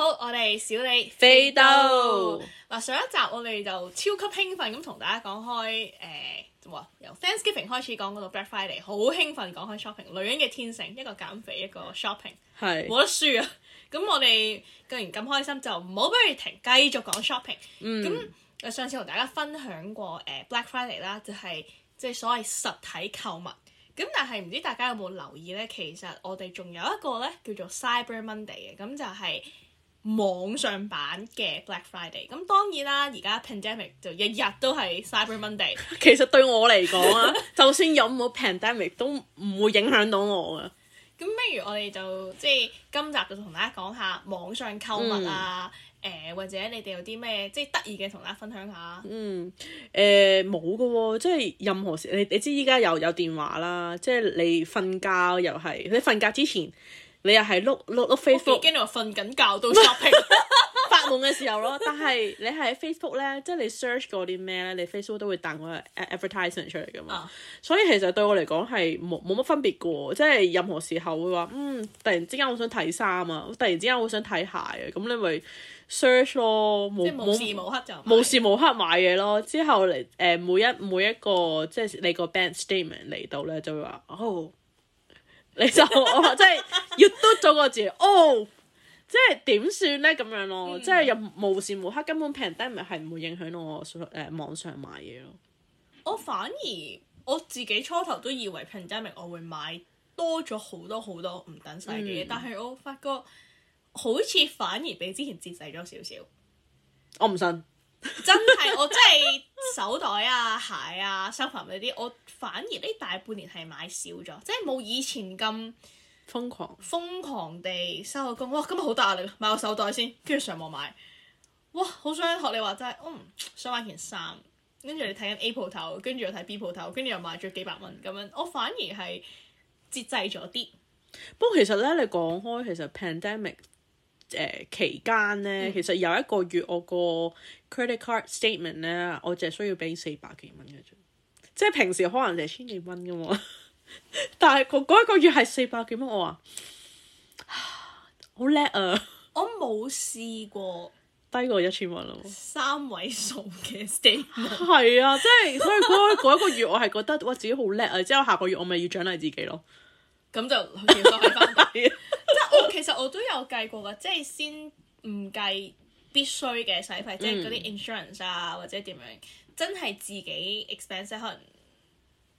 好，我哋小李飛刀。嗱豆，上一集我哋就超級興奮咁同大家講開誒、呃，由 Thanksgiving 開始講嗰度 Black Friday，好興奮講開 shopping，女人嘅天性，一個減肥，一個 shopping，係冇是得輸啊！咁 我哋既然咁開心，就唔好俾佢停，繼續講 shopping。咁、嗯、上次同大家分享過誒，Black Friday 啦，就係即係所謂實體購物。咁但係唔知大家有冇留意咧？其實我哋仲有一個咧叫做 Cyber Monday 嘅，咁就係、是。網上版嘅 Black Friday，咁當然啦，而家 pandemic 就日日都係 Cyber Monday。 其實對我嚟講啊， 就算有冇 pandemic 都唔會影響到我啊。咁不如我哋就即係今集就同大家講下網上購物啊，誒、嗯呃、或者你哋有啲咩即係得意嘅同大家分享下。嗯誒冇㗎喎，即係任何時你你，知依家又有電話啦，即係你瞓覺又係你瞓覺之前。你又係碌碌碌 Facebook，跟住 e 瞓緊覺到 shopping 發夢嘅時候咯。但係你喺 Facebook 咧，即係你 search 過啲咩咧？你 Facebook 都會彈嗰個 advertisement 出嚟噶嘛。啊、所以其實對我嚟講係冇冇乜分別噶喎。即係任何時候會話，嗯，突然之間好想睇衫啊，突然之間好想睇鞋啊，咁你咪 search 咯。即係無時無刻就買，無時無刻買嘢咯。之後嚟誒每一每一個即係你個 band statement 嚟到咧，就會話哦。你就 即係要嘟咗個字哦，嗯、即係點算咧？咁樣咯，即係又無時無刻根本 pandemic 係唔會影響到我誒、呃、網上買嘢咯。我反而我自己初頭都以為 pandemic 我會買多咗好多好多唔等曬嘅嘢，嗯、但係我發覺好似反而比之前節制咗少少。我唔信。 真係我真係手袋啊、鞋啊、衫服呢啲，我反而呢大半年係買少咗，即係冇以前咁瘋狂瘋狂地收個工。哇！今日好大壓力，買個手袋先，跟住上網買。哇！好想學你話齋，嗯，想買件衫，跟住你睇緊 A 鋪頭，跟住又睇 B 鋪頭，跟住又買咗幾百蚊咁樣。我反而係節制咗啲。不過其實咧，你講開其實 pandemic。誒期間咧，其實有一個月我個 credit card statement 咧，我淨係需要俾四百幾蚊嘅啫，即係平時可能就千幾蚊嘅喎，但係嗰一個月係四百幾蚊，我話好叻啊！我冇試過低過一千蚊咯，三位數嘅 statement 係啊，即係所以嗰一個月我係覺得我 自己好叻啊！之後下個月我咪要獎勵自己咯，咁就翻低。 其實我都有計過噶即、就、係、是、先唔計必須嘅使費，即係嗰啲 insurance 啊，或者點樣，真係自己 expense 咧，可能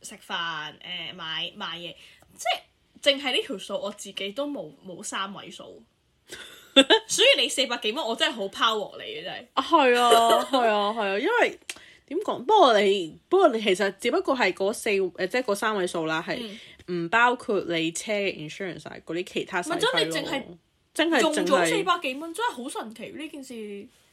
食飯誒，買買嘢，即係淨係呢條數，我自己都冇冇三位數， 所以你四百幾蚊，我真係好拋鑊你嘅真係。啊係啊係啊係啊，行李 因為點講？不過你不過你其實只不過係嗰四誒、呃，即係嗰三位數啦，係。唔包括你車嘅 insurance 嗰啲其他或者你淨係，淨係淨係用咗四百幾蚊，真係好神奇呢件事。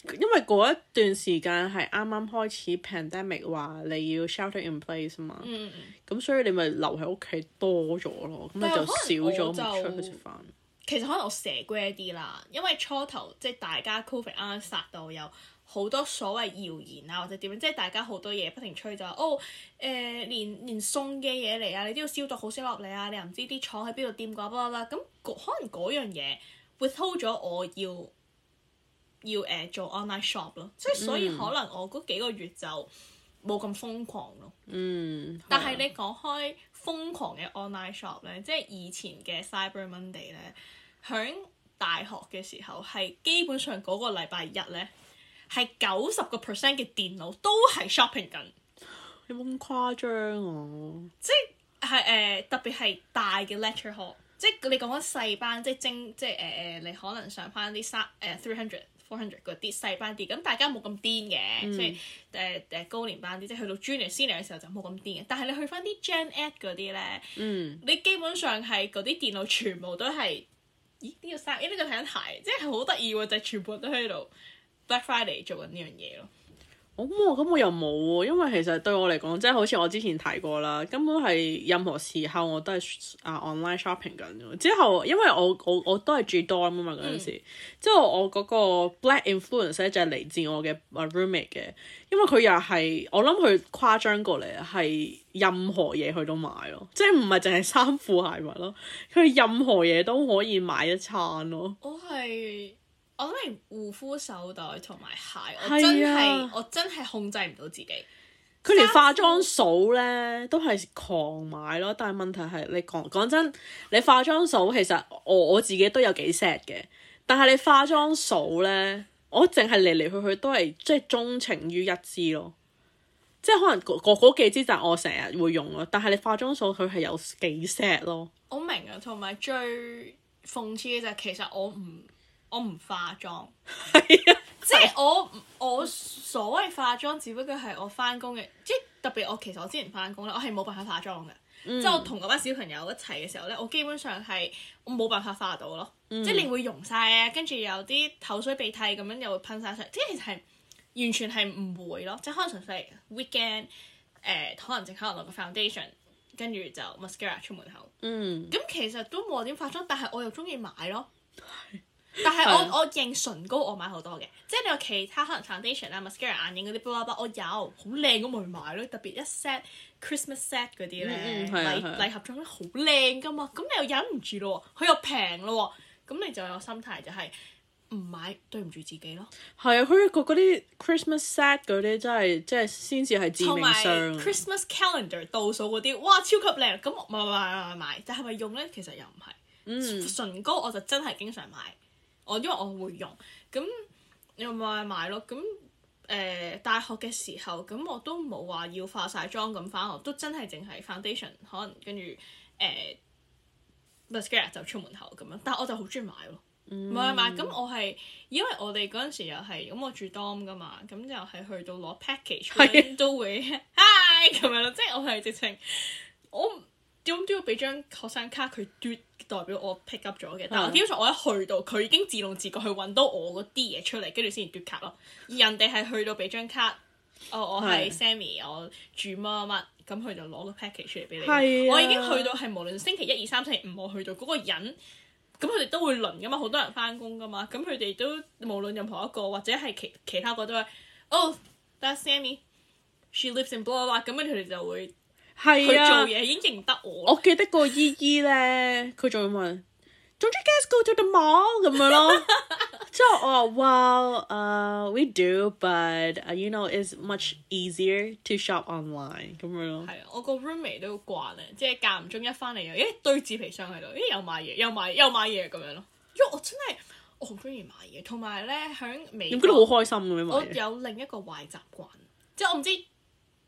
因為嗰一段時間係啱啱開始 pandemic 話你要 shelter in place 啊嘛、嗯。嗯咁所以你咪留喺屋企多咗咯，咁、嗯、就，就少咗唔出去食飯。其實可能我蛇貴啲啦，因為初頭即係、就是、大家 covid 啱啱殺到有。好多所謂謠言啊，或者點樣，即係大家好多嘢不停吹就話哦誒、呃，連連送嘅嘢嚟啊，你都要消毒，好少落嚟啊，你又唔知啲廠喺邊度掂過，不卜啦咁。可能嗰樣嘢 withdraw 咗，我要要誒、呃、做 online shop 咯，即係、嗯、所以可能我嗰幾個月就冇咁瘋狂咯。嗯，但係你講開瘋狂嘅 online shop 咧，即係以前嘅 Cyber Monday 咧，響大學嘅時候係基本上嗰個禮拜一咧。係九十個 percent 嘅電腦都係 shopping 緊，你有冇咁誇張啊？即係誒、呃，特別係大嘅 lecture hall，即係你講緊細班，即係精，即係誒誒，你可能上翻啲三誒 three hundred four hundred 嗰啲細班啲，咁大家冇咁癲嘅，嗯、所以誒誒、呃、高年班啲，即係去到 junior senior 嘅時候就冇咁癲嘅。但係你去翻啲 gen ed 嗰啲咧，嗯、你基本上係嗰啲電腦全部都係咦呢個衫，呢個睇緊鞋，即係好得意喎，就係、全部都喺度。Black Friday 做緊呢樣嘢咯，我咁我咁我又冇喎，因為其實對我嚟講，即係好似我之前提過啦，根本係任何時候我都係啊 online shopping 緊。之後因為我我我都係住 dorm 啊嘛嗰陣時，嗯、之後我嗰個 Black influence 呢就係嚟自我嘅 roommate 嘅，因為佢又係我諗佢誇張過嚟啊，係任何嘢佢都買咯，即係唔係淨係衫褲鞋襪咯，佢任何嘢都可以買一餐咯。我係。.我連護膚、手袋同埋鞋，啊我，我真係我真係控制唔到自己。佢連化妝掃咧都係狂買咯，但係問題係你講講真，你化妝掃其實我，我自己都有幾 set 嘅。但係你化妝掃咧，我淨係嚟嚟去去，都係即係鍾情於一支咯，即係可能嗰嗰幾支就係我成日會用咯。但係你化妝掃佢係有幾 set 咯。我明啊，同埋最諷刺嘅就係、是、其實我唔。我唔化妝，係啊， 即係我我所謂化妝，只不過係我翻工嘅，即係特別我其實我之前翻工咧，我係冇辦法化妝嘅。嗯、即係我同嗰班小朋友一齊嘅時候咧，我基本上係我冇辦法化到咯，嗯、即係你會溶晒啊，跟住有啲口水鼻涕咁樣又會噴曬出嚟，即係其實係完全係唔會咯，即係可能純粹 weekend 誒、呃，可能淨可能落個 foundation，跟住就 mascara 出門口。嗯，咁其實都冇點化妝，但係我又中意買咯。 但係我、嗯、我認唇膏，我買好多嘅，即係你有其他可能 foundation 啦、mascara、眼影嗰啲巴拉巴拉我有好靚，我咪買咯。特別一 set Christmas set 嗰啲咧，禮是是禮盒裝咧好靚噶嘛，咁你又忍唔住咯，佢又平咯，咁你就有個心態就係唔買對唔住自己咯。係啊，佢嗰啲 Christmas set 嗰啲真係即係先至係致命傷。Christmas calendar 倒數嗰啲，哇，超級靚，咁我買不買買買買，但係咪用咧？其實又唔係。嗯、唇膏我就真係經常買。我因為我會用，咁你咪買咯，咁誒、呃、大學嘅時候咁我都冇話要化晒妝咁返學，都真係淨係 foundation 可能跟住誒 mask 就出門口咁樣，但我就好中意買咯，嗯、買買咁我係因為我哋嗰陣時又係咁我住 dorm 噶嘛，咁又係去到攞 package 都會 hi 咁樣咯，即係我係直情，我。點都要俾張學生卡佢嘟，代表我 pick up 咗嘅。但係基本上我一去到，佢已經自動自覺去揾到我嗰啲嘢出嚟，跟住先至嘟卡咯。而人哋係去到俾張卡，哦，我係 Sammy，的我住乜乜乜，咁佢就攞個 package 出嚟俾你。的我已經去到係無論星期一、二、三、四、五我去到嗰、那個人，咁佢哋都會輪噶嘛，好多人翻工噶嘛，咁佢哋都無論任何一個或者係其其他個都係哦，oh that Sammy，she lives in blah blah，咁佢哋就會。係啊！做嘢已經認得我。 我記得個姨姨咧，佢仲問：Don't you guys go to the mall?，咁樣咯。之後 我話：誒、well, uh,，we do，but you know it's much easier to shop online 咁樣咯。係啊，我個 roommate 都慣啊，即係間唔中一翻嚟，誒，堆紙皮箱喺度，誒，又買嘢，又買，又買嘢咁樣咯。因為我真係我好中意買嘢，同埋咧響美國。你覺得好開心咁、啊、樣買嘢？我有另一個壞習慣，即係我唔知。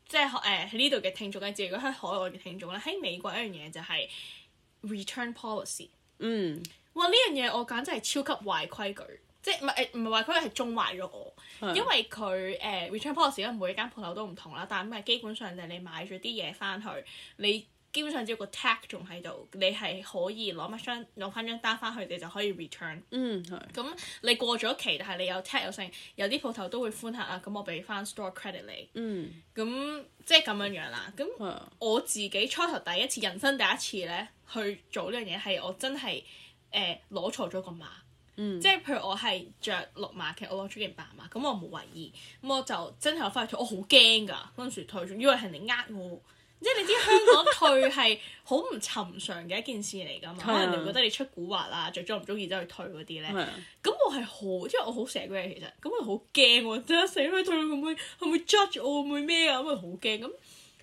即係誒喺呢度嘅聽眾，跟住如果喺海外嘅聽眾咧，喺美國一樣嘢就係 return policy。嗯，哇，呢樣嘢我簡直係超級壞規矩，即係唔係誒，唔係壞規矩，係縱壞咗我，是因為佢誒、呃、return policy 咧，每一間鋪頭都唔同啦，但係基本上就係你買咗啲嘢翻去你。基本上只要個 tag 仲喺度，你係可以攞乜張攞翻張單翻去，你就可以 return。嗯，咁你過咗期，但係你有 tag 有剩，有啲鋪頭都會歡客啊。咁我俾翻 store credit 你。嗯。咁即係咁樣樣啦。咁我自己初頭第一次、嗯、人生第一次咧，去做呢樣嘢係我真係誒攞錯咗個碼。嗯。即係譬如我係着六碼嘅，我攞咗件白碼，咁我冇懷疑，咁我就真係攞翻去退。我好驚㗎，嗰陣時退咗，以為係你呃我。 即係你知香港退係好唔尋常嘅一件事嚟㗎嘛，可能你哋覺得你出古惑啊，著咗唔中意之後去退嗰啲咧，咁對我係好，即係我好成嘅其實，咁佢好驚喎，真係成日退會唔會，會唔會 judge 我，會唔會咩啊？咁我好驚。咁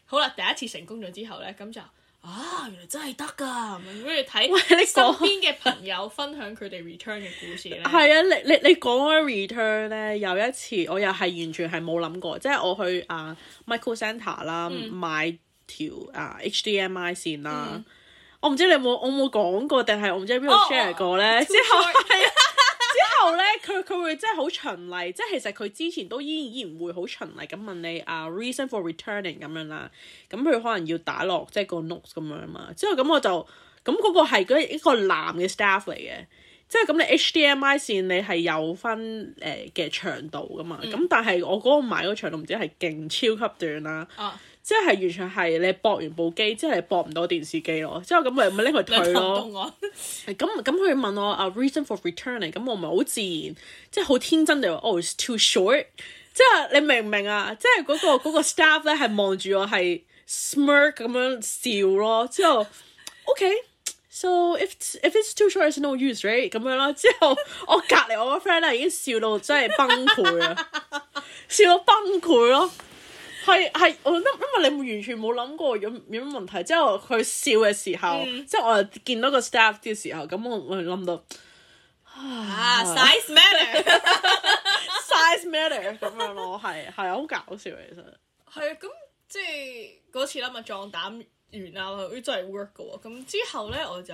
好啦，第一次成功咗之後咧，咁就啊，原來真係得㗎，咁如睇身邊嘅朋友分享佢哋 return 嘅故事咧。係啊、 嗯對，你你你講開 return 咧，有一次我又係完全係冇諗過，即係我去啊、uh, Michael Center 啦買。對對條啊、uh, HDMI 線啦、啊嗯，我唔知你有冇我冇講過，定係我唔知喺邊度 share 過咧。Oh, too 之後係 之後咧，佢佢會真係好循例，即係其實佢之前都依然會好循例咁問你啊、uh, reason for returning 咁樣啦。咁佢可能要打落即係個 notes 咁樣嘛。之後咁我就咁嗰個係一個男嘅 staff 嚟嘅，即係咁你 HDMI 線你係有分誒嘅、呃、長度噶嘛？咁、嗯、但係我嗰個買嗰長度唔知係勁超級短啦。嗯即係完全係你駁完部機，即係你駁唔到電視機咯。之後咁咪咪拎佢退咯。係咁咁佢問我啊 reason for returning，咁我咪好自然，即係好天真地話哦 too short。即係你明唔明啊？即係嗰個 staff 咧係望住我係 smirk 咁樣笑咯。之後 ok so if if it's too short it's no use right 咁樣咯。之後我隔離我個 friend 咧已經笑到真係崩潰啊，笑到崩潰咯。係係，我諗因為你完全冇諗過有有乜問題，之後佢笑嘅時候，嗯、即係我又見到個 staff 嘅時候，咁我我諗到，啊 size matter，size matter 咁 matter，樣咯，係係好搞笑其實。係啊，咁即係嗰次啦咪壯膽，原來，佢真係 work 嘅喎、哦。咁之後呢，我就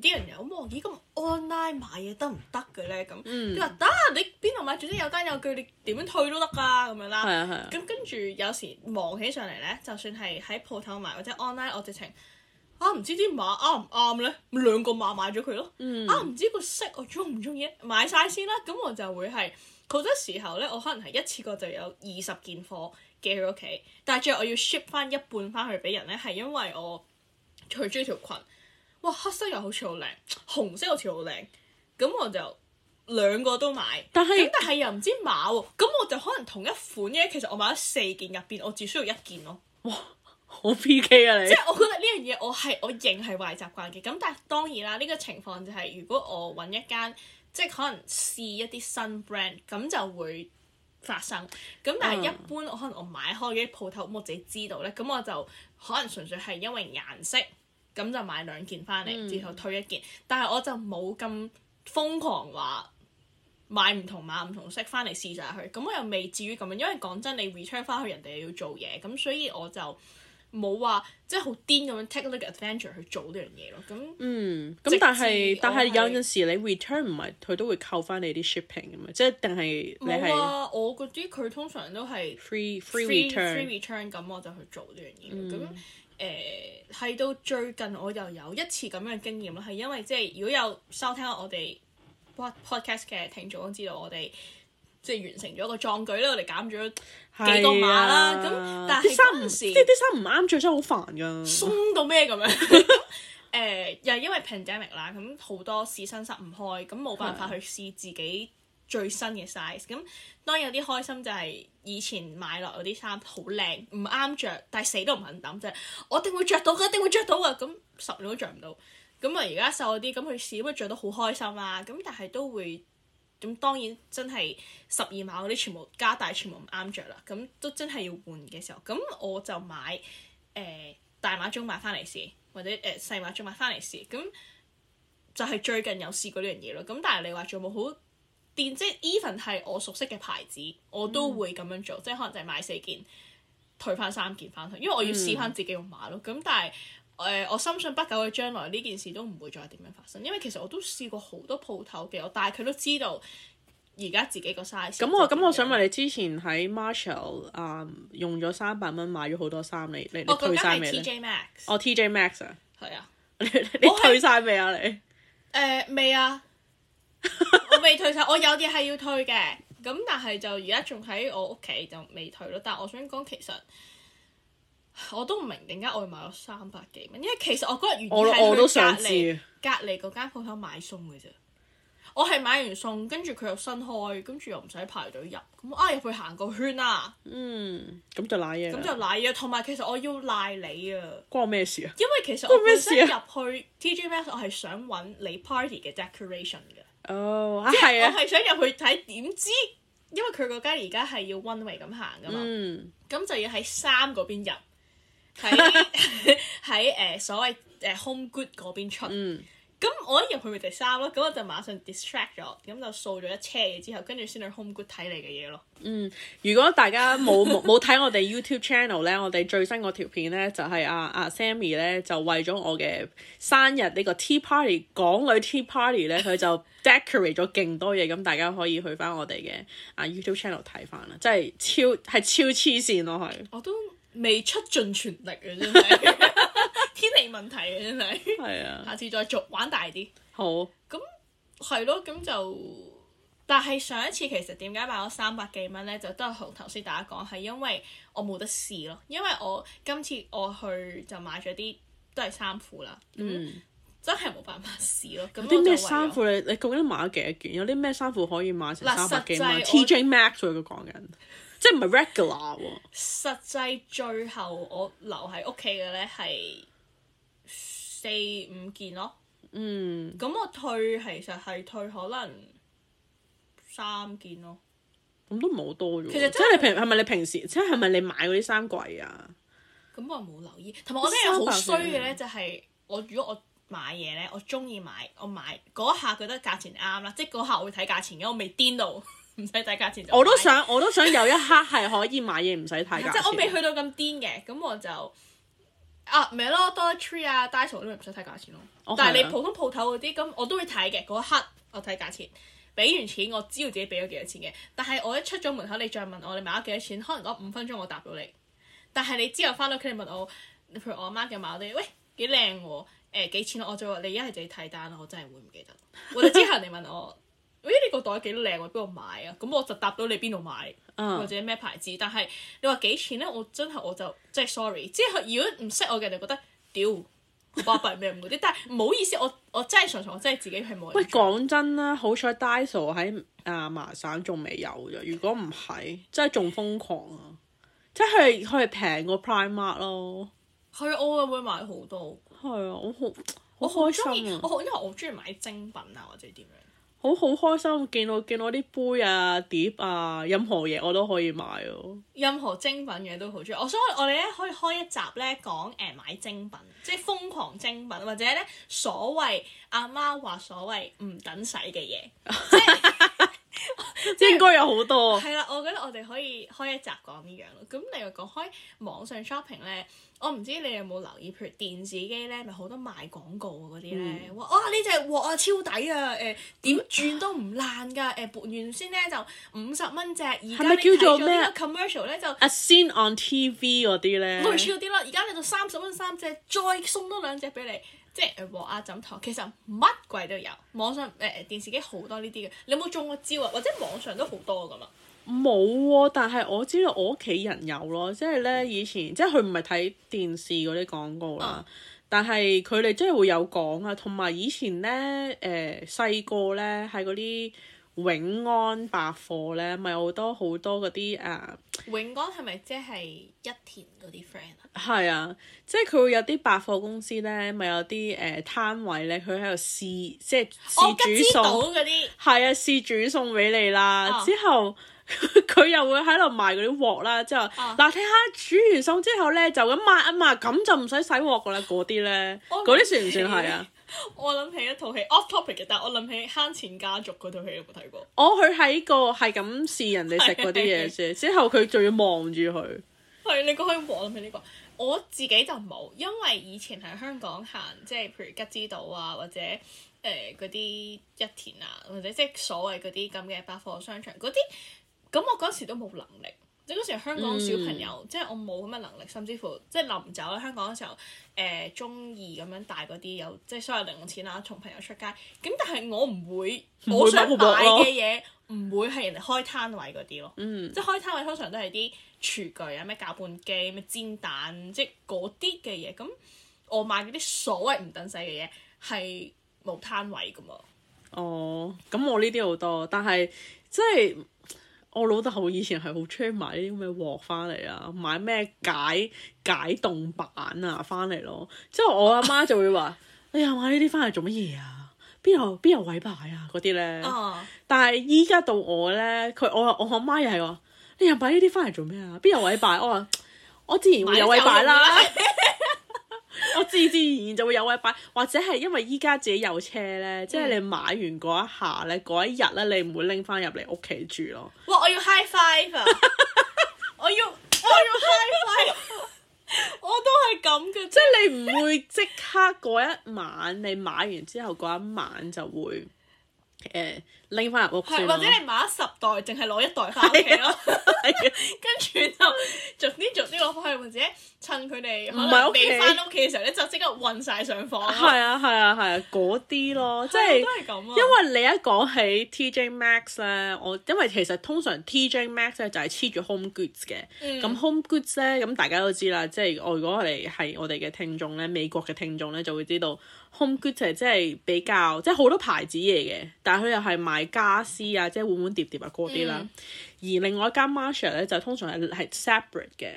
啲人又問我：咦，咁 online 買嘢得唔得嘅呢？咁佢話：得、啊，你邊度買？總之有單有據，你點樣退都得啦、啊。咁樣啦。咁、嗯嗯、跟住有時忙起上嚟呢，就算係喺鋪頭買或者 online，我直情啊唔知啲碼啱唔啱呢？咪兩個碼買咗佢咯。嗯。啊唔知個色我中唔中意，買晒先啦。咁我就會係好多時候呢，我可能係一次過就有二十件貨。寄去屋企，但係最後我要 ship 翻一半翻去俾人咧，係因為我最中意條裙，哇，黑色又好似好靚，紅色又好似好靚，咁我就兩個都買。咁但係是又唔知碼喎、啊，咁我就可能同一款嘅，其實我買咗四件入邊，我只需要一件咯、啊。哇，好 P K 啊你！即係我覺得呢樣嘢我係我認係壞習慣嘅。咁但係當然啦，呢、這個情況就係如果我搵一間，即係可能試一啲新 brand，咁就會。發生咁，但係一般我、uh huh. 可能我買開嘅啲鋪頭，我自己知道呢。咁我就可能純粹係因為顏色，咁就買兩件翻嚟，之後退一件。但係我就冇咁瘋狂話買唔同碼唔同色翻嚟試上去。咁我又未至於咁樣，因為講真，你 return 翻去人哋要做嘢，咁所以我就。冇話即係好癲咁樣 take advantage 去做呢樣嘢咯，咁嗯，咁但係但係有陣時你 return 唔係，佢都會扣翻你啲 shipping 咁嘛。即係但係冇啊！我嗰啲佢通常都係 free free return free return，咁我就去做呢樣嘢。咁誒喺到最近我又有一次咁樣嘅經驗咯，係因為即係如果有收聽我哋 podcast 嘅聽眾都知道我哋。即係完成咗個壯舉咧，我哋減咗幾個碼啦。咁、啊、但係啲衫唔啱，啲衫唔啱着，真係好煩㗎。鬆到咩咁樣？誒、 呃，又因為 pandemic 啦，咁好多試身室唔開，咁冇辦法去試自己最新嘅 size、啊。咁當然有啲開心就係以前買落嗰啲衫好靚，唔啱着，但係死都唔肯抌啫、即係。我定會着到嘅，一定會着到，到啊。咁十年都着唔到。咁啊而家瘦啲，咁去試，乜着得好開心啦。咁但係都會。咁當然真係十二碼嗰啲全部加大，全部唔啱着啦。咁都真係要換嘅時候，咁我就買誒、呃、大碼、中碼翻嚟試，或者誒細、呃、碼、中碼翻嚟試。咁就係最近有試過呢樣嘢咯。咁但係你話做冇好電，即係 even 係我熟悉嘅牌子，我都會咁樣做，嗯、即係可能就係買四件退翻三件翻去，因為我要試翻自己用碼咯。咁、嗯、但係。誒、呃，我深信不久嘅將來呢件事都唔會再點樣發生，因為其實我都試過好多鋪頭嘅，我大概都知道而家自己個 size 我。咁我咁我想問你之前喺 Marshall 啊、um,，用咗三百蚊買咗好多衫，你你退曬未咧？我 TJ Max。哦 TJ Max 啊。係啊。你退晒未啊 你？誒未是、呃、啊。 我未退晒。我有啲係要退嘅，咁但係就而家仲喺我屋企就未退咯。但係我，我想講其實。我都唔明點解我買咗三百幾蚊，因為其實我嗰日完全係去隔離我我想隔離嗰間鋪頭買餸嘅啫。我係買完餸，跟住佢又新開，跟住又唔使排隊入，咁啊入去行個圈啊，嗯，咁就瀨嘢，咁就瀨嘢。同埋其實我要賴你啊，關我咩事啊？因為其實我入去我、啊、T G Max，我係想揾你 party 嘅 decoration 嘅。哦，oh, 即是 啊，啊，我係想入去睇點知，因為佢嗰間而家係要 one way 咁行噶嘛，咁、嗯、就要喺三嗰邊入。喺喺誒所謂誒、呃、HomeGood 嗰邊出，咁我一入去咪第三咯，咁我就馬上 distract 咗，咁就掃咗一車嘢之後，跟住先去 HomeGood 睇你嘅嘢咯。嗯，嗯嗯如果大家冇冇睇我哋 YouTube channel 咧，我哋最新嗰條片咧就係、是、啊啊 Sammy 咧就為咗我嘅生日呢個 tea party 港女 tea party 咧，佢就 decorate 咗勁多嘢，咁 大家可以去翻我哋嘅啊 YouTube channel 睇翻啦，真係超係超黐線咯，係我都。未出盡全力啊！真係 天氣問題啊！真係。係啊。下次再續玩大啲。好。咁係咯，咁就，但係上一次其實點解買咗三百幾蚊咧，就都係同頭先大家講，係因為我冇得試咯，因為我今次我去就買咗啲都係衫褲啦。嗯。真係冇辦法試咯。咁啲咩衫褲你你究竟買咗幾多件？有啲咩衫褲可以買成三百幾蚊？TJ 我 Max 佢個講緊。即係唔係 regular 喎？實際最後我留喺屋企嘅咧係四五件咯。嗯。咁我退其實係退可能三件咯。咁都唔好多啫。其實、就是、即係你平係咪你平時即係係咪你買嗰啲衫貴啊？咁我冇留意，同埋我真係好衰嘅咧，就係我如果我買嘢咧，我中意買，我買嗰下覺得價錢啱啦，即係嗰下我會睇價錢，因為我未癲到。唔使睇價錢，我都想， 我都想有一刻係可以買嘢唔使睇價錢。即係 我未去到咁癲嘅。咁 我就啊，咪咯，Dollar Tree 啊，Daiso 我都唔使睇價錢咯。Oh, 但係你普通鋪頭嗰啲，咁我都會睇嘅。嗰一刻我睇價錢，俾完錢我知道自己俾咗幾多錢嘅。但係我一出咗門口，你再問我你買咗幾多錢，可能嗰五分鐘我答到你。但係你之後翻到屋企你問我，譬如我阿媽嘅買嗰啲，喂幾靚喎？誒幾、呃、錢我就話你一係自己睇單咯，我真係會唔記得。或者之後你問我。咦？你、哎這個袋幾靚？我邊度買啊？咁我就答到你邊度買，嗯、或者咩牌子？但係你話幾錢咧？我真係我就即係 sorry，即係如果唔識我嘅你覺得屌好巴閉咩嗰啲？ 但係唔好意思，我我真係純粹，我真係自己係冇。喂，講真啦，好彩 Daiso 喺啊麻省仲未有啫。如果唔係，真係仲瘋狂啊！即係佢係平過 Primark 咯。佢我會買好多。係啊，我好我好中意，我好因為我好中意買精品啊，或者點樣。好好開心，見到見到啲杯啊、碟啊，任何嘢我都可以買哦。任何精品嘢都好中意，我想我哋咧可以開一集咧講誒買精品，即係瘋狂精品，或者咧所謂阿媽話所謂唔等使嘅嘢。 是應該有好多。係啦，我覺得我哋可以開一集講呢樣咯。咁你又講開網上 shopping 咧，我唔知你有冇留意？譬如電視機咧咪好多賣廣告嗰啲咧，嘩啊呢隻鑊啊超抵、呃、怎啊，誒點轉都唔爛㗎，誒原先咧就五十蚊隻，而家叫做咩 commercial 咧就 as seen on TV 嗰啲咧，類似嗰啲咯。而家你就三十蚊三隻，再送多兩隻俾你。即係臥阿枕頭，其實乜鬼都有。網上誒、欸、電視機好多呢啲嘅，你有冇中過招啊？或者網上都好多噶嘛？冇啊！但係我知道我屋企人有咯、啊，即係咧以前即係佢唔係睇電視嗰啲廣告啦，嗯、但係佢哋真係會有講啊。同埋以前咧誒、呃、細個咧係嗰啲。永安百貨咧，咪好多好多嗰啲誒。啊、永安係咪即係一田嗰啲 friend 啊？係啊，即係佢會有啲百貨公司咧，咪有啲誒、呃、攤位咧，佢喺度試，即係試煮餸嗰啲。係、哦、啊，試煮餸俾你啦。哦、之後佢又會喺度賣嗰啲鑊啦。之後嗱，睇下、哦啊、煮完餸之後咧，就咁抹一抹，咁就唔使洗鑊噶啦。嗰啲咧，嗰啲、哦哦、算唔算係啊？我諗起一套戲 off topic 嘅，但係我諗起慳錢家族嗰套戲，有冇睇過？我佢喺個係咁試人哋食嗰啲嘢啫， 之後佢仲要望住佢。係你講下諗起呢、這個？我自己就冇，因為以前喺香港行，即係譬如吉之島啊，或者誒嗰啲一田啊，或者即係所謂嗰啲咁嘅百貨商場嗰啲，咁我嗰時都冇能力。嗰時香港小朋友，嗯，即係我冇咁嘅能力，甚至乎即係臨走喺香港嘅時候，誒中意咁樣帶嗰啲有即係所有零用錢啦，同朋友出街。咁但係我唔會，會我想買嘅嘢唔會係人哋開攤位嗰啲咯。嗯，即係開攤位通常都係啲廚具啊，咩攪拌機、咩煎蛋，即係嗰啲嘅嘢。咁我買嗰啲所謂唔等使嘅嘢係冇攤位噶嘛。哦，咁我呢啲好多，但係即係。我老豆以前係好中意買呢啲咁嘅鑊翻嚟啊，買咩解解凍板啊翻嚟咯。之後我阿媽、媽就會話， 你又買呢啲翻嚟做乜嘢啊？邊有邊有位擺啊嗰啲咧？呢啊，但係依家到我咧，佢我我阿媽又係話，你又買呢啲翻嚟做咩啊？邊有位擺？我話 我自然會有位擺啦。 我自自然然就會有位擺，或者係因為依家自己有車咧， 即係你買完嗰一下咧，嗰一日咧，你唔會拎返入嚟屋企住咯。哇！我要 high five 啊 我！我要我要 high five！我都係咁嘅， 即係你唔會即刻嗰一晚，你買完之後嗰一晚就會。誒，拎翻入屋或者你買十袋，淨係攞一袋翻屋企咯，跟住就逐啲逐啲攞翻去，哈哈 BLANK limitation 或者趁佢哋唔係屋企翻屋企嘅時候咧，就即刻運晒上房。係啊係啊係啊，嗰啲咯，alar, 即係都係咁咯。Ä, 啊、因為你一講起 TJ Max 咧，我因為其實通常 TJ Max 咧就係黐住 Home Goods 嘅，咁 Home Goods 咧，咁大家都知啦，即係我如果我哋，係我哋嘅聽眾咧，美國嘅聽眾咧就會知道。Home goods 就係即係比較即係好多牌子嘢嘅，但係佢又係賣家私啊，即係碗碗碟碟啊嗰啲啦。而另外一間 Marshalls 咧就通常係係 separate 嘅。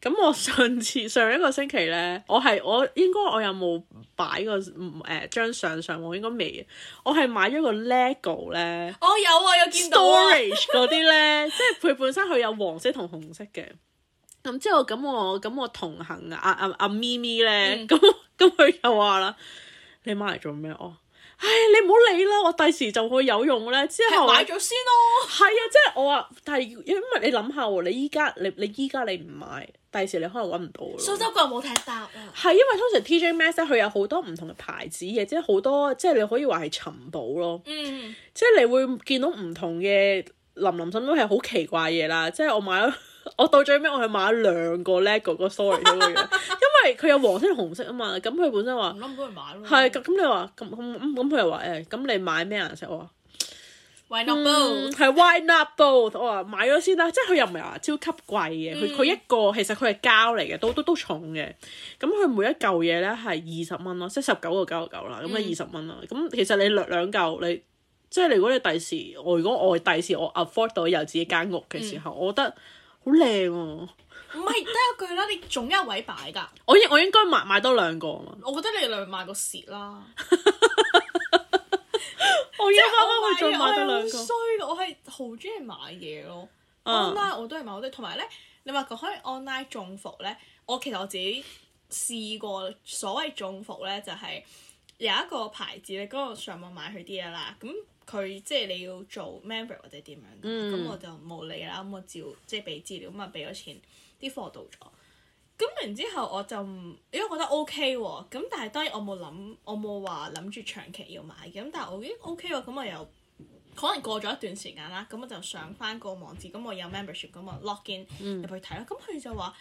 咁我上次上一個星期咧，我係我應該我有冇擺個誒張相上我應該未。我係買咗個 Lego 咧。我有啊，有件 storage 嗰啲咧，即係佢本身佢有黃色同紅色嘅。咁之後咁我咁我同行啊，阿阿咪咪咧，咁咁佢又話啦。你買嚟做咩？哦，唉，你唔好理啦，我第時就會有用咧。之後買咗先咯。係啊，即係我話，但係因為你諗下喎，你依家你你依家你唔買，第時你可能揾唔到咯。蘇州過後冇艇搭啊。係因為通常 TJ Max 佢有好多唔同嘅牌子嘅，即係好多即係你可以話係尋寶咯。嗯，即係你會見到唔同嘅林林總總係好奇怪嘢啦。即係我買咗。我到最尾，我係買兩個咧，Lego 嗰個，sorry，因為佢有黃色、紅色啊嘛。咁佢本身話諗唔到去買咯，係咁你話咁咁佢又話誒咁你買咩顏色我話 why not both 係 why not both 我話買咗先啦，即係佢又唔係話超級貴嘅，佢佢、嗯、一個其實佢係膠嚟嘅，都都都重嘅。咁佢每一嚿嘢咧係二十蚊咯，即係十九個九個九啦，咁就二十蚊啦。咁、嗯、其實你兩兩嚿你即係如果你第時我如果我第時我 afford 到有自己間屋嘅時候，嗯、我覺得。好靚哦！唔係得一句啦， 你總有一位擺噶。我應我應該買買多兩個啊！我覺得你兩買， 剛剛買兩個蝕啦。我依家翻去買多兩個，衰咯！我係好中意買嘢咯，online 我都係買好多，我都同埋咧，你話講開 online 中服咧？我其實我自己試過所謂中服咧，就係、是、有一個牌子咧，嗰個上網買佢啲嘢啦咁。佢即係你要做 member 或者點樣，咁、嗯、我就冇理啦。咁我照即係俾資料，咁啊俾咗錢，啲貨到咗。咁然之後我就因為、哎、覺得 OK 喎、哦，咁但係當然我冇諗，我冇話諗住長期要買嘅。咁但係我已經 OK 喎、哦，咁我又可能過咗一段時間啦。咁我就上翻個網址，咁我有 membership 咁啊 log in 入、嗯、去睇啦。咁佢就話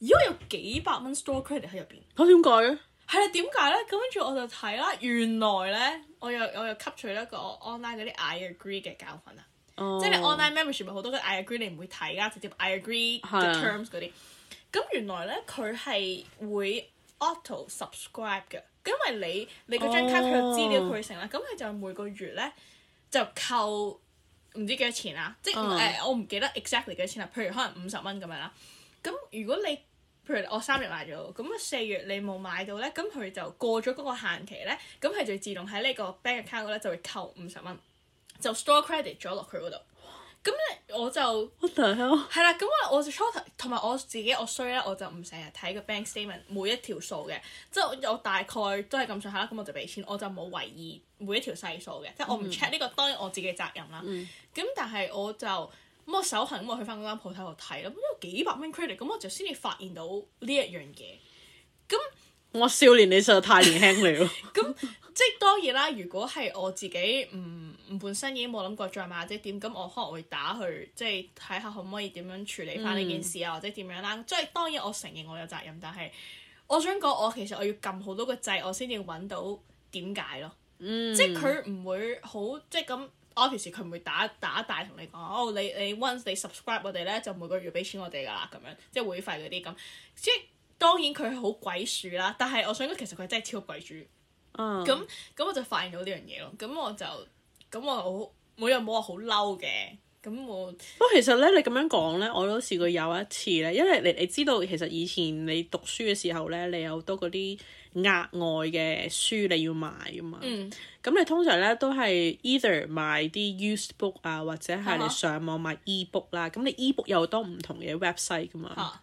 如果有幾百蚊 store credit 喺入邊，嚇點解咧？係啦，點解咧？咁跟住我就睇啦，原來咧，我又我又吸取一個 online 嗰啲 I agree 嘅教訓啦。Oh. 即係你 online membership 咪好多嗰啲 I agree，你唔會睇噶、啊，直接 I agree the terms 嗰啲。係。咁原來咧，佢係會 auto subscribe 㗎，因為你你嗰張卡佢、oh. 有資料佢成啦，咁佢就每個月咧就扣唔知幾多錢啦、啊，即係誒、oh. 呃、我唔記得 exactly 幾多錢啦，譬如可能五十蚊咁樣啦。咁如果你譬如我三月買咗，咁啊四月你冇買到咧，咁佢就過咗嗰個限期咧，咁佢就自動喺呢個 bank account 嗰度就會扣五十蚊，就 store credit 咗落佢嗰度。咁咧我就係啦，咁 the 我我 short 同埋我自己我衰咧，我就唔成日睇個 bank statement 每一條數嘅，即係我大概都係咁上下啦，咁我就俾錢，我就冇為意每一條細數嘅，嗯、即係我唔 check 呢個，當然我自己責任啦。咁、嗯、但係我就。咁我手痕，咁我去翻嗰間鋪頭度睇啦，咁因為幾百蚊 credit，咁我就先至發現到呢一樣嘢。咁我少年你實在太年輕了。咁 即係當然啦，如果係我自己唔唔本身已經冇諗過再買或者點，咁我可能我會打去即係睇下可唔可以點樣處理翻呢件事啊，嗯、或者點樣啦。即係當然我承認我有責任，但係我想講我其實我要撳好多個掣，我先至揾到點解咯。嗯、即係佢唔會好即係咁。我平時佢唔會打打大同你講，哦，你你 once 你 subscribe 我哋咧，就每個月俾錢我哋噶啦，咁樣即會費嗰啲咁，即當然佢係好鬼鼠啦，但係我想講其實佢真係超鬼鼠，嗯、oh，咁咁我就發現咗呢樣嘢咯，咁我就咁我每日冇話好嬲嘅。咁我，不過其實咧，你咁樣講咧，我都試過有一次咧，因為你你知道其實以前你讀書嘅時候咧，你有好多嗰啲額外嘅書你要買㗎嘛。嗯。咁你通常咧都係，either 買啲 used book 啊，或者係你上網買 ebook 啦。係、啊哈。咁你 ebook 有好多唔同嘅 website 噶嘛。啊。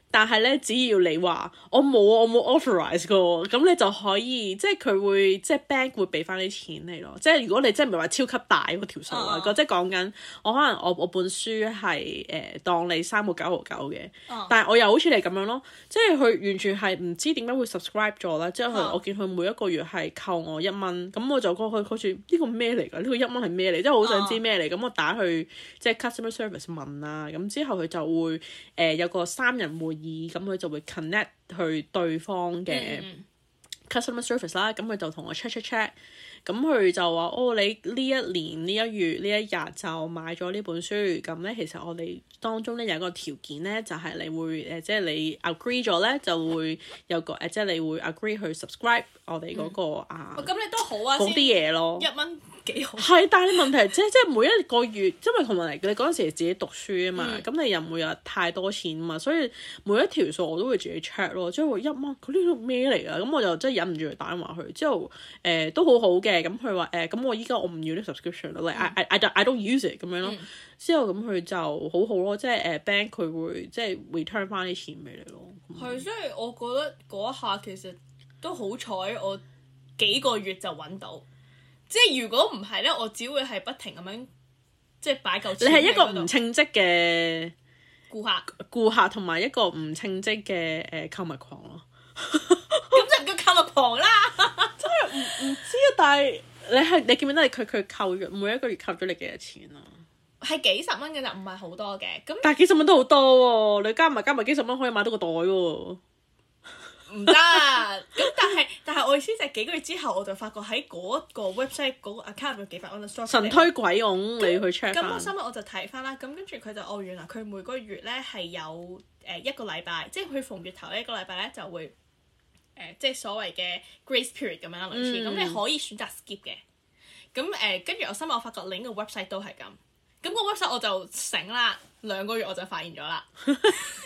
但係咧，只要你話我冇我冇 authorize 嘅，咁你就可以即係佢會，即係 bank 會俾翻啲錢你咯。即係如果你真係唔係話超級大條數啊，uh huh. 即係講緊我可能我我本書係誒、欸、當你三個九毫九嘅，uh huh. 但係我又好似你咁樣咯，即係佢完全係唔知點解會 subscribe 咗啦。之後、uh huh. 我見佢每一個月係扣我一蚊，咁我就過去好似呢、這個咩嚟㗎？呢個一蚊係咩嚟？即係好想知咩嚟？咁、uh huh. 我打去即係 customer service 問啦、啊，咁之後佢就會誒、呃、有個三人會議。咁佢就會 connect 去對方嘅 customer service 啦，咁佢就同我 check check check，咁佢就話：哦，你呢一年呢一月呢一日就買咗呢本書，咁咧其實我哋當中咧有一個條件咧，就係、是、你會誒、呃，即係你 agree 咗咧，就會有個誒、呃，即係你會 agree 去 subscribe 我哋嗰、那個、嗯、啊。咁你都好啊，啲嘢咯，一蚊。幾挺好係，但係問題係即係即係每一個月，因為同埋你嗰陣時自己讀書啊嘛，咁、嗯、你又唔會有太多錢啊嘛，所以每一條數我都會自己 check 咯。之後一蚊，佢呢個咩嚟啊？咁我就真係忍唔住嚟打電話去。之後誒、欸、都好好嘅，咁佢話誒咁我依家我唔要呢 subscription 啦，嚟 i i i don't use it 咁樣咯。嗯、之後咁佢就好好咯，即係誒 bank 佢會即係 return 翻啲錢俾你咯。係，所以我覺得嗰一下其實都好彩，我幾個月就揾到。即係如果唔係咧，我只會係不停咁樣即係擺嚿錢你係一個唔稱職嘅顧客。顧客同埋一個唔稱職嘅誒、呃、購物狂咯、啊。咁 就叫購物狂啦， 真係唔知啊！但係你係你見唔見到你佢佢扣每一個月扣咗你幾多錢啊？係幾十蚊嘅就唔係好多嘅。咁但係幾十蚊都好多喎、啊，你加埋加埋幾十蚊可以買到個袋喎、啊。唔得，咁 但係但係我意思就係幾個月之後，我就發覺喺嗰個 website 嗰個 account 入面幾百蚊都消失，神推鬼用，那你要去 check。咁我心諗我就睇翻啦，咁跟住佢就哦原來佢每個月咧係有誒、呃、一個禮拜，即係佢逢月頭呢一個禮拜咧就會誒、呃、即係所謂嘅 Grace period 咁樣啦，類似咁你可以選擇 skip 嘅。咁誒跟住我心諗我發覺另一個 website 都係咁，咁個 website 我就醒啦，兩個月我就發現咗啦。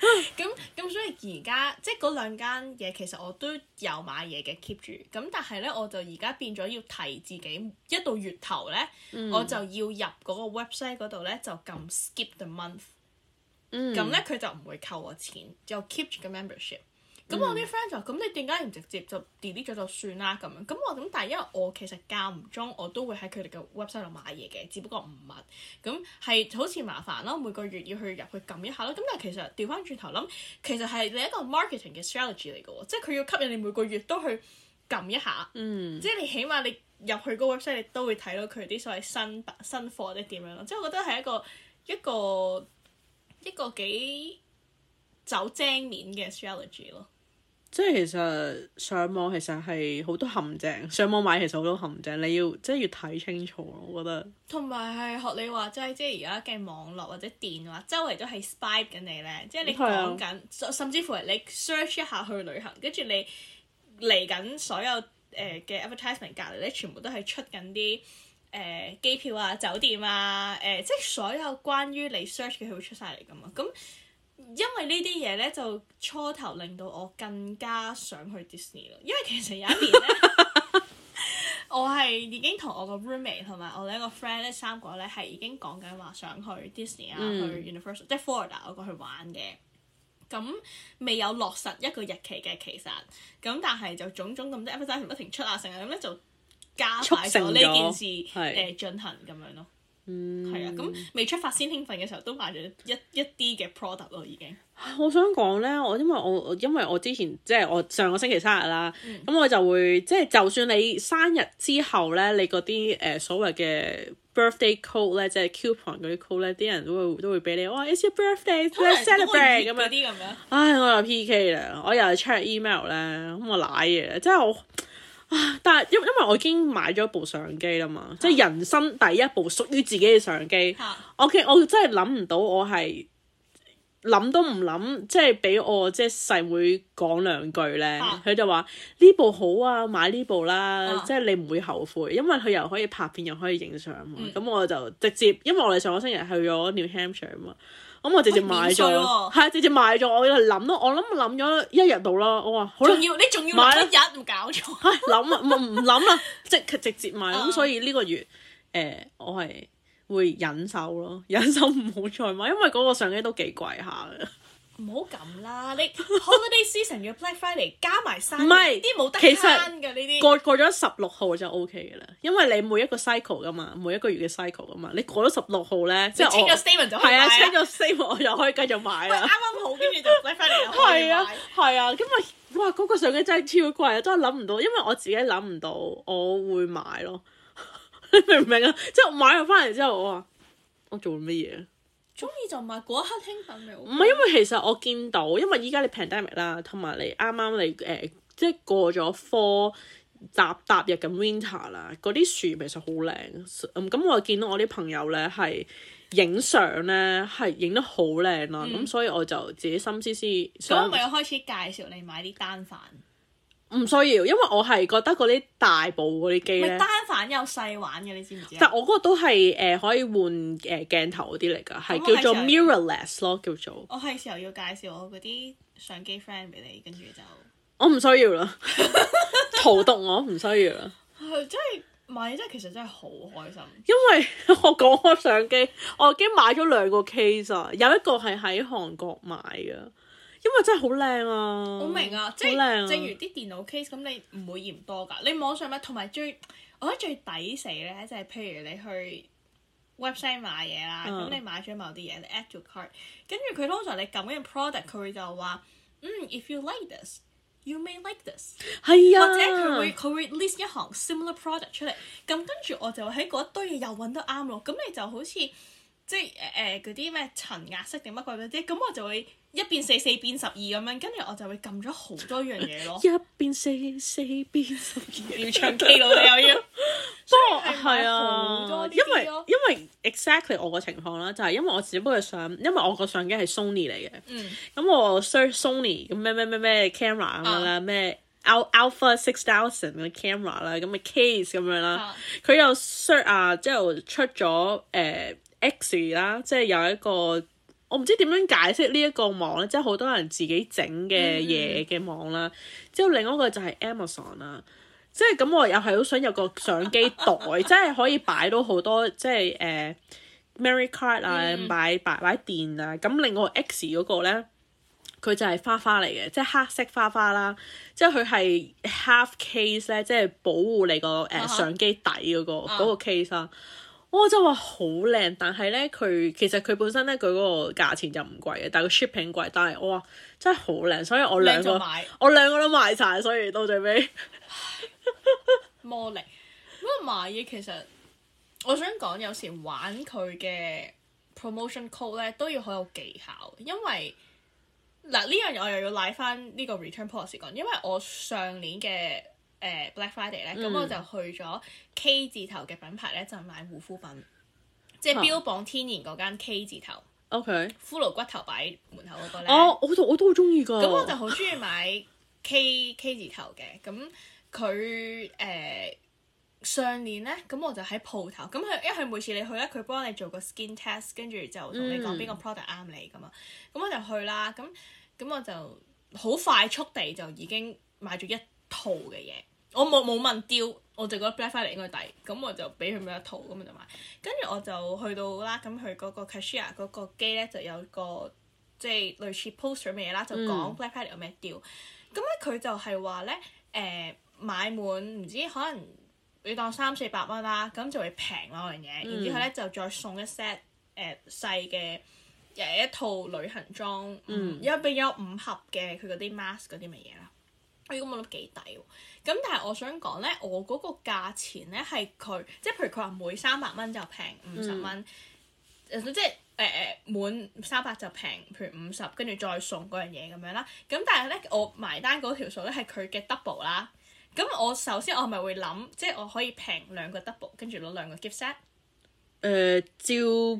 咁咁 所以而家即係嗰兩間嘢，其實我都有買嘢嘅 keep 住。咁但係咧，我就而家變咗要提自己一到月頭咧，嗯、我就要入嗰個 website 嗰度咧就撳 skip the month。嗯。咁咧佢就唔會扣我錢，就 keep 住個 membership。咁、嗯、我啲 friend 就咁，你點解唔直接就 delete 咗就算啦？咁樣咁我咁，但係因為我其實間唔中我都會喺佢哋嘅 website 度買嘢嘅，只不過唔密咁係好似麻煩咯，每個月要去入去撳一下咯。咁但係其實調翻轉頭諗，其實係你一個 marketing 嘅 strategy 嚟嘅喎，即係佢要吸引你每個月都去撳一下，嗯、即係你起碼你入去嗰個 website 你都會睇到佢啲所謂新新貨或者點樣咯。即係我覺得係一個一個一個幾走精面嘅 strategy 咯。即係其實上網其實係好多陷阱，上網買其實好多陷阱，你要即係要睇清楚咯，我覺得。同埋係學你話齋，即係而家嘅網絡或者電話周圍都係 spy 緊你咧，嗯、即係你講緊，嗯、甚至乎你 search 一下去旅行，跟住你嚟緊所有誒嘅 advertisement 隔籬咧，全部都係出緊啲誒機票啊、酒店啊、誒、呃、即係所有關於你 search 嘅佢會出晒嚟㗎嘛，咁。因為呢啲嘢咧，就初頭令到我更加想去 Disney 咯。因為其實有一年咧， 我係已經同我，我個 roommate 同埋我另一個 friend 咧，三個咧係已經講緊話想去 Disney 啊，去 Universal、嗯、即係 Florida 嗰個去玩嘅。咁、嗯、未有落實一個日期嘅，其實咁但係就種種咁啲 advertisement 不停出啊，成日咁咧就加快咗呢件事嘅進行咁樣咯。係啊，咁未 出發先興奮嘅時候都買咗一一啲嘅 product 咯，已經。我想講咧，我因為我因為我之前即係我上個星期生日啦，咁、嗯、我就會即係就算你生日之後咧，你嗰啲誒所謂嘅 birthday code 咧，即係 coupon 嗰啲 code 咧，啲人都會都會俾你。哇、oh, it's your birthday, happy birthday 咁啊，唉、哎，我又 PK 啦，我又 check email 咧，咁我賴嘅，即係我。 但係因因為我已經買咗部相機啦嘛，啊、即係人生第一部屬於自己嘅相機。啊、我嘅我真係諗唔到，我係諗都唔諗，即係俾我即係細妹講兩句咧。佢、啊、就話呢部好啊，買呢部啦，啊、即係你唔會後悔，因為佢又可以拍片，又可以影相啊嘛。咁、嗯、我就直接，因為我哋上個星期去咗 New Hampshire 啊嘛。咁我、嗯嗯、直接買咗，係啊、嗯，直接買咗、嗯。我係諗咯，我諗諗咗一日到啦。我話：好，仲要了你仲要買一了日，唔搞錯。諗啊，咪唔諗啊，即係直，直接買。咁所以呢個月，誒、呃，我係會忍手咯，忍手唔好再買，因為嗰個相機都幾貴下嘅。 唔好咁啦，你 holiday season 要 Black Friday 加埋三，啲冇 是得慳嘅呢啲。過過咗十六號就 OK 嘅啦，因為你每一個 cycle 噶嘛，每一個月嘅 cycle 噶嘛，你過咗十六號咧，即係清咗 statement 就係啊，清咗 statement 我就可以繼續買啱啱 好，跟住就，就買翻嚟。係 啊，係啊，因為哇嗰、嗰個相機真係超貴啊，真係諗唔到，因為我自己諗唔到我會買咯， 你明唔明啊？之、就、我、是、買咗翻嚟之後我，我話我做咗咩嘢？中意就買嗰一刻興奮嚟，唔係、嗯、因為其實我見到，因為依家你 pandemic 啦，同埋你啱啱你誒，即、就、係、是、過咗科，four 搭踏入緊 winter 啦，嗰啲樹其實好靚。咁、嗯、我見到我啲朋友咧係影相咧係影得好靚咯，咁、嗯嗯、所以我就自己心思思想、嗯。所以咪又 開始介紹你買啲單反。唔需要，因為我係覺得嗰啲大部嗰啲機咧，單反有細玩嘅，你知唔知啊？但我嗰個都係誒、呃、可以換誒、呃、鏡頭嗰啲嚟㗎，係、嗯、叫做 mirrorless 咯，叫做。我係時候要介紹我嗰啲相機 friend 俾你，跟住就我唔需要啦，荼 毒我唔需要啦。係 真係，買嘢真係其實真係好開心，因為我講開相機，我已經買咗兩個 case 啦，有一個係喺韓國買嘅。因為真係好靚啊！好明啊，即係是、啊、正如啲電腦 case，咁你唔會嫌多㗎。你網上買，同埋最我覺得最抵死咧，就係譬如你去 website 買嘢啦，咁、嗯、你買咗某啲嘢，你 add to cart，跟住佢通常你撳嗰件 product，佢就話：嗯、mm，if you like this，you may like this。係啊，或者佢會佢會 list 一行 similar product 出嚟，咁跟住我就喺嗰堆嘢又揾到啱咯。咁你就好似即係誒嗰啲咩層壓式定乜鬼嗰啲，咁我就會。一變四四變十二咁樣，跟住我就會撳咗好多樣嘢咯。 一變四四變十二，要唱 K 咯，你又要。不過係啊，好多啲，因為因為， 因為 exactly 我個情況啦，就係、是、因為我只不過想，因為我個相機係 Sony 嚟嘅。嗯。咁我 search Sony 咁咩咩咩咩 camera 咁樣啦，咩 Al Alpha Six Thousand 嘅 camera 啦，咁嘅 case 咁樣啦。佢又 search 啊，之後、啊啊就是、出咗誒、呃、X 啦，即係有一個。我唔知點樣解釋呢一個網咧，即係好多人自己整嘅嘢嘅網啦。之、嗯、後另一個就係 Amazon 啦，即係咁我又係好想有個相機袋， 即係可以擺到好多，即係誒、呃、memory card 啊，擺擺、嗯、電啊。咁另外 X 嗰、那個咧，佢就係花花嚟嘅，即係黑色花花啦。即係佢係 half case 咧，即係保護你個誒相機底嗰個 case 啦、嗯。我、哦、真係話好靚，但係咧佢其實佢本身咧佢嗰個價錢就唔貴嘅，但係個 shipping 貴，但係我話真係好靚，所以我兩個買我兩個都買晒，所以到最尾魔唉 力咁啊、那個、買嘢其實我想講有時玩佢嘅 promotion code 咧都要好有技巧，因為嗱呢、啊、樣嘢我又要賴翻呢個 return policy 講，因為我上年嘅。誒、呃、Black Friday 咧，咁、嗯、我就去咗 K 字頭嘅品牌咧，就係、買護膚品，啊、即係標榜天然嗰間 K 字頭。O.K. 骷髏骨頭擺門口嗰個咧。哦、啊，我我都好中意㗎。咁我就好中意買 K K 字頭嘅，咁佢誒上年咧，咁我就喺鋪頭，咁佢因為每次你去咧，佢幫你做個 skin test，跟住就同你講邊個 product 啱你㗎嘛。咁、嗯、我就去啦，咁咁我就好快速地就已經買咗一套嘅嘢。我冇冇問 deal 我就覺得 Black Friday 應該抵，咁我就俾佢咁一套咁就買。跟住我就去到啦，咁佢嗰個 cashier 嗰個機咧就有個即係、就是、類似 poster 咩嘢啦，就講 Black Friday 有咩 deal。咁咧佢就係話咧，誒、呃、買滿唔知可能你當三四百蚊啦，咁就會平攞樣嘢，嗯、然之後咧就再送一 set 誒細嘅誒一套旅行裝，入邊有咗五盒嘅佢嗰啲 mask 嗰啲乜嘢啦。哎、我依家買到幾抵喎，咁但係我想講咧，我嗰個價錢咧係佢，即係譬如佢話每三百蚊就平五十蚊，嗯、即係誒誒滿三百就平譬如五十，跟住再送嗰樣嘢咁樣啦。咁但係咧，我埋單嗰條數咧係佢嘅 double 啦。咁我首先我係咪會諗，即係我可以平兩個 double，跟住攞兩個 gift set。誒照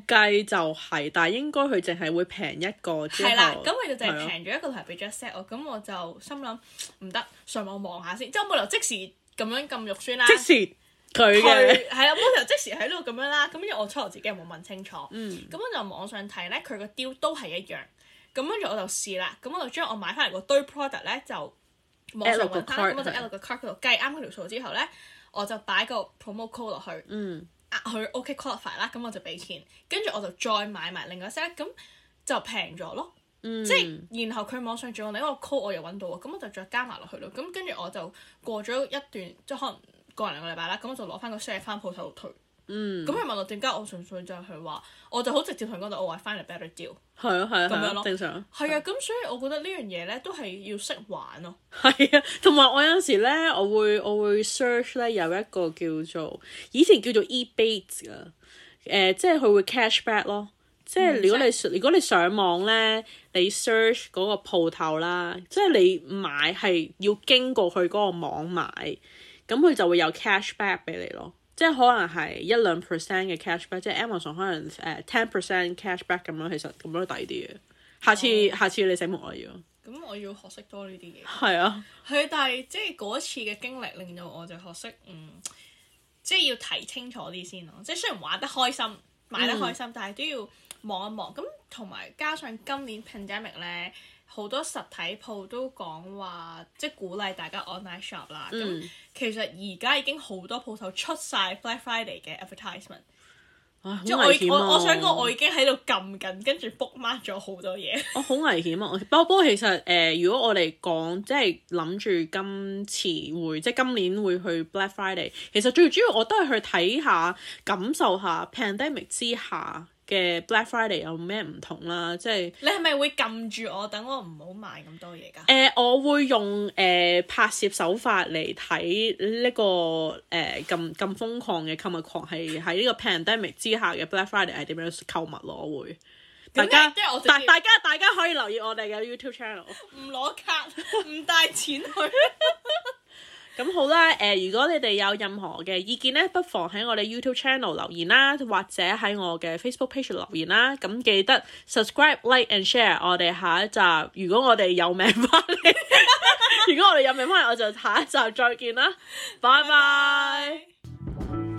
計就係、是，但係應該佢淨係會平一個。係啦，咁佢就淨係平咗一個台俾咗 set 我咁對我就心諗唔得，上網望下先。即係我冇理由即時咁樣咁肉酸啦。即時佢嘅係啊，冇理由即時喺度咁樣啦。咁因為我初頭自己又冇問清楚。嗯。咁我就網上睇咧，佢個 deal 都係一樣。咁跟住我就試啦。咁我就將我買翻嚟個堆 product 咧，就網上揾翻咁我就喺個 card 度計啱嗰條數之後咧，我就擺個 promo code 落去。嗯。嗯呃佢，啊、OK qualify 啦，咁我就俾錢，跟住我就再買埋另外一 set，咁就平咗咯，嗯、即係然後佢網上仲有另一個 call 我又揾到喎，咁我就再加埋落去咯，咁跟住我就過咗一段，即係可能過兩兩個禮拜啦，咁我就攞翻個 set 翻鋪頭度退。嗯，咁佢問我點解，我純粹就係話，我就好直接同佢講，就我話 find a better deal。係啊，係啊，咁樣咯，正常。係啊，咁所以我覺得呢樣嘢咧，都係要識玩咯。係啊，同埋、啊、我有時咧，我會我會 search 咧有一個叫做以前叫做 ebates 噶，誒、呃，即係佢會 cashback 咯，即係如果你、嗯、如果你如果你上網咧，你 search 嗰個鋪頭啦，即係你買係要經過佢嗰個網買，咁佢就會有 cashback 俾你咯。即係可能係一兩 percent 嘅 cashback，即係 Amazon 可能誒 ten percent cashback 咁咯。其實咁都抵啲嘅。下次、oh. 下次你醒目我要，咁我要學識多呢啲嘢。係啊，佢但係即係嗰次嘅經歷令到我就學識，嗯，即係要睇清楚啲先咯。即係雖然玩得開心、買得開心，嗯、但係都要望一望。咁同埋加上今年 pandemic 咧。好多實體鋪都講話，即係鼓勵大家 online shop 啦。咁、嗯、其實而家已經好多鋪頭出晒 Black Friday 嘅 advertisement、哎。唉，好危險啊！我想講，我已經喺度撳緊，跟住 bookmark 咗好多嘢。我好危險啊！不過不、哎啊、其實誒、呃，如果我哋講即係諗住今次會即係今年會去 Black Friday，其實最主要我都係去睇下、感受下 pandemic 之下。嘅 Black Friday 有咩唔同啦？即係你係咪會撳住我，等我唔好買咁多嘢噶、啊？誒、呃，我會用誒、呃、拍攝手法嚟睇呢個誒咁咁瘋狂嘅購物狂，係喺呢個 pandemic 之下嘅 Black Friday 係點樣購物咯？我會是大家大大家大家可以留意我哋嘅 YouTube channel，唔攞卡，唔 帶錢去。 咁好啦，誒、呃，如果你哋有任何嘅意見咧，不妨喺我哋 YouTube channel 留言啦，或者喺我嘅 Facebook page 留言啦。咁記得 subscribe、like and share。我哋下一集，如果我哋有命翻嚟， 如果我哋有命翻嚟，我就下一集再見啦，拜拜。